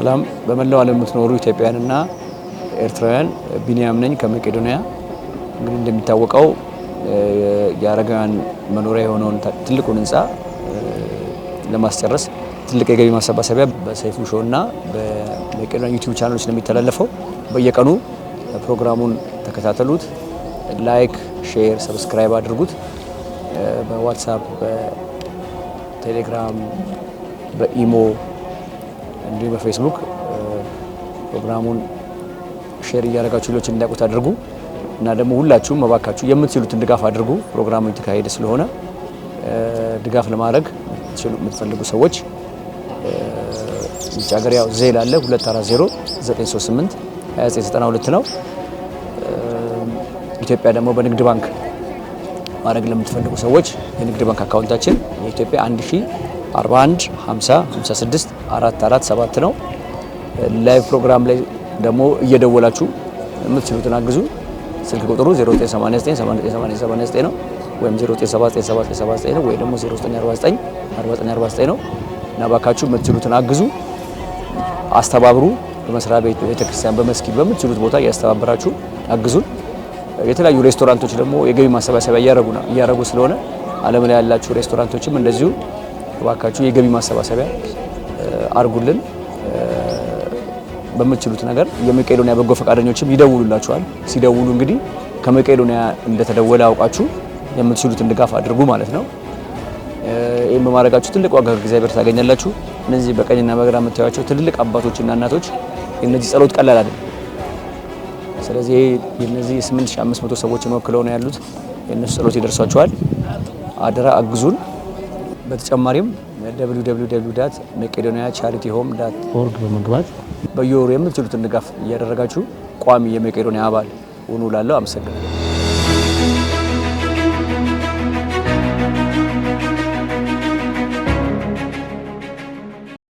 ሰላም በመላው ዓለም የምትኖሩ ኢትዮጵያውያንና ኤርትራውያን ቢኒያም ነኝ ከመቄዶንያ። እንግዲህ እንደሚታወቀው የአረጋውያን መኖሪያ የሆነውን ትልቁን ህንፃ ለማስጨረስ ትልቅ የገቢ ማሰባሰቢያ በሰይፉ ሾው እና በመቄዶንያ ዩቲዩብ ቻናሎች ነው የሚተላለፈው። በየቀኑ ፕሮግራሙን ተከታተሉት፣ ላይክ፣ ሼር፣ ሰብስክራይብ አድርጉት። በዋትሳፕ፣ በቴሌግራም፣ በኢሞ እንዲሁም በፌስቡክ ፕሮግራሙን ሼር እያደረጋችሁ ሌሎች እንዲያውቁት አድርጉ እና ደግሞ ሁላችሁም መባካችሁ የምትችሉትን ድጋፍ አድርጉ። ፕሮግራሙ የተካሄደ ስለሆነ ድጋፍ ለማድረግ የምትፈልጉ ሰዎች ውጭ ሀገር ያው ዜል አለ 240938 2992 ነው። ኢትዮጵያ ደግሞ በንግድ ባንክ ማድረግ ለምትፈልጉ ሰዎች የንግድ ባንክ አካውንታችን የኢትዮጵያ 1 41 50 56 7 ነው። ላይቭ ፕሮግራም ላይ ደግሞ እየደወላችሁ የምትችሉትን አግዙ። ስልክ ቁጥሩ 0989898989 ነው ወይም 09797779 ነው ወይ ደግሞ 09494949 ነው እና ባካችሁ የምትችሉትን አግዙ፣ አስተባብሩ። በመስሪያ ቤት፣ ቤተክርስቲያን፣ በመስጊድ በምትችሉት ቦታ እያስተባበራችሁ አግዙን። የተለያዩ ሬስቶራንቶች ደግሞ የገቢ ማሰባሰቢያ እያደረጉ ስለሆነ ዓለም ላይ ያላችሁ ሬስቶራንቶችም እንደዚሁ እባካችሁ የገቢ ማሰባሰቢያ አርጉልን። በምትችሉት ነገር የመቄዶንያ በጎ ፈቃደኞችም ይደውሉላችኋል። ሲደውሉ እንግዲህ ከመቄዶንያ እንደተደወለ አውቃችሁ የምትችሉትን ድጋፍ አድርጉ ማለት ነው። ይህም በማድረጋችሁ ትልቅ ዋጋ እግዚአብሔር ታገኛላችሁ። እነዚህ በቀኝና በግራ የምታዩቸው ትልልቅ አባቶችና እናቶች እነዚህ ጸሎት ቀላል አይደለም። ስለዚህ የነዚህ 8500 ሰዎችን ወክለው ነው ያሉት። የእነሱ ጸሎት ይደርሷቸዋል። አደራ አግዙን። በተጨማሪም www ዳት መቄዶኒያ ቻሪቲ ሆም ዳት ኦርግ በመግባት በየወሩ የምትችሉትን ድጋፍ እያደረጋችሁ ቋሚ የመቄዶኒያ አባል ሁኑ። ላለው አመሰግናለሁ።